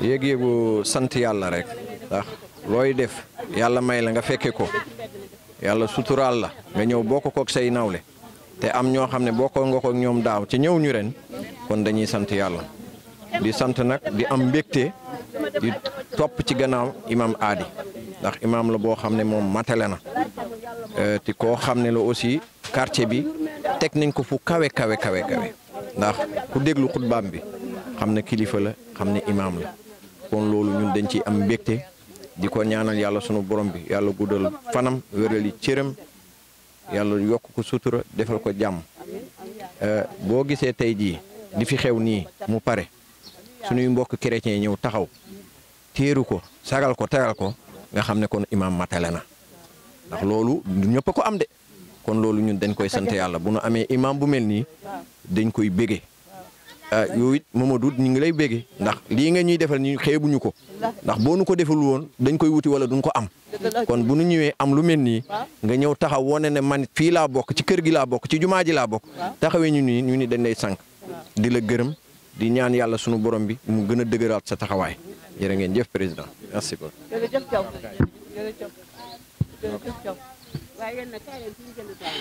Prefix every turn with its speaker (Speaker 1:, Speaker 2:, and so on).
Speaker 1: yëg-yëgu sant yàlla rekk ndax looy def yàlla may la nga fekke ko yàlla suturaal la nga ñëw boo ko kook say nawle te am ñoo xam ne boo ko ak ñoom daaw ci ñëw ñu ren kon dañuy sant yàlla di sant nag di am mbégte di topp ci gannaaw imam aadi ndax imam la boo xam ne moom matale na Euh, te koo xam ne la aussi quartier bi teg nañ ko fu kawe kawe kawe ndax ku déglu xutbaam bi xam ne kilifa la xam ne imaam la kon loolu ñun dañ ciy am mbégte di ko ñaanal yàlla sunu borom bi yàlla guddal fanam wérali cëram yàlla yokk ko sutura defal ko jàmm euh, boo gisee tey jii di fi xew nii mu pare suñuy mbokk chrétien ñëw taxaw téeru ko sagal ko tegal ko nga xam ne kon imaam matale na ndax loolu du ñëpp ko am de kon loolu ñun dañ koy sant yàlla bu nu amee imam bu mel nii dañ koy bége euh, yow it Mamadou ñu ngi lay bége ndax lii nga ñuy defal ñu xeebuñu ko ndax boo nu ko deful woon dañ koy wuti wala duñ ko am kon bu nu ñëwee am lu mel nii nga ñëw taxaw wone ne man fii laa bokk ci kër gi laa bokk ci jumaa ji laa bokk taxawee ñu nii ñu ni dañ lay sànq di la gërëm di ñaan yàlla sunu borom bi mu gën a dëgëraat sa taxawaay jërë ngeen jëf président merci waaye yéen nag kaay leen fi ñu jënd daal.